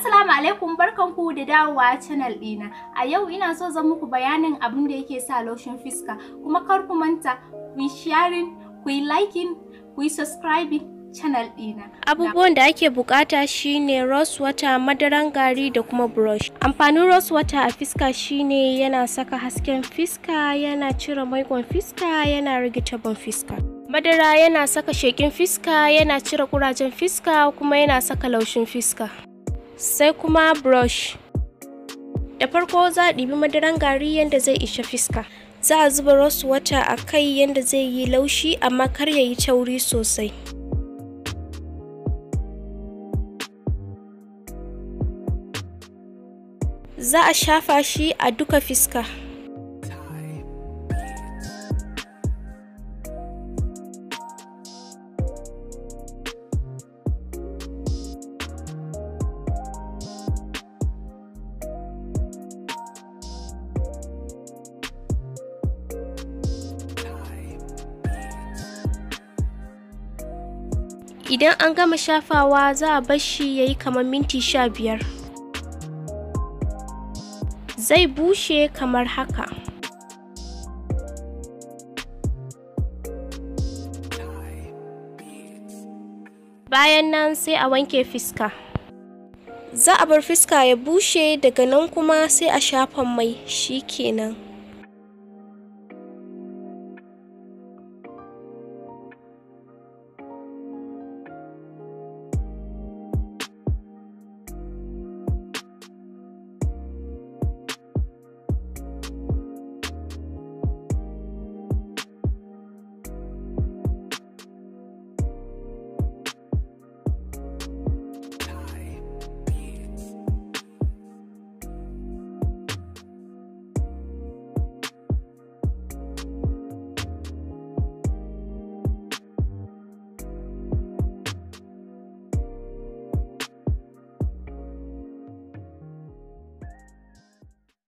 Assalamu alaikum barkanku da dawowa channel ɗina. A yau ina so zan muku bayanin abin da yake sa laushin fiska kuma kar ku manta ku sharing, ku liking, ku subscribing channel ɗina. Abubuwan da ake bukata shine rose water, madaran gari da kuma brush. Amfanin rose water a fiska shine yana saka hasken fiska, yana cire maikon fiska, yana rage tabon fiska. Madara yana saka shekin fiska, yana cire kurajen fiska kuma yana saka laushin fiska. sai kuma brush da farko za a ɗibi madaran gari yadda zai isha fiska za a zuba rose wata a kai yadda zai yi laushi amma kar ya yi tauri sosai za a shafa shi a duka fiska Idan an gama shafawa za a bar shi ya yi kamar minti sha biyar. Zai bushe kamar haka. Bayan nan sai a wanke fiska. Za a bar fiska ya bushe daga nan kuma sai a shafa mai shi kenan.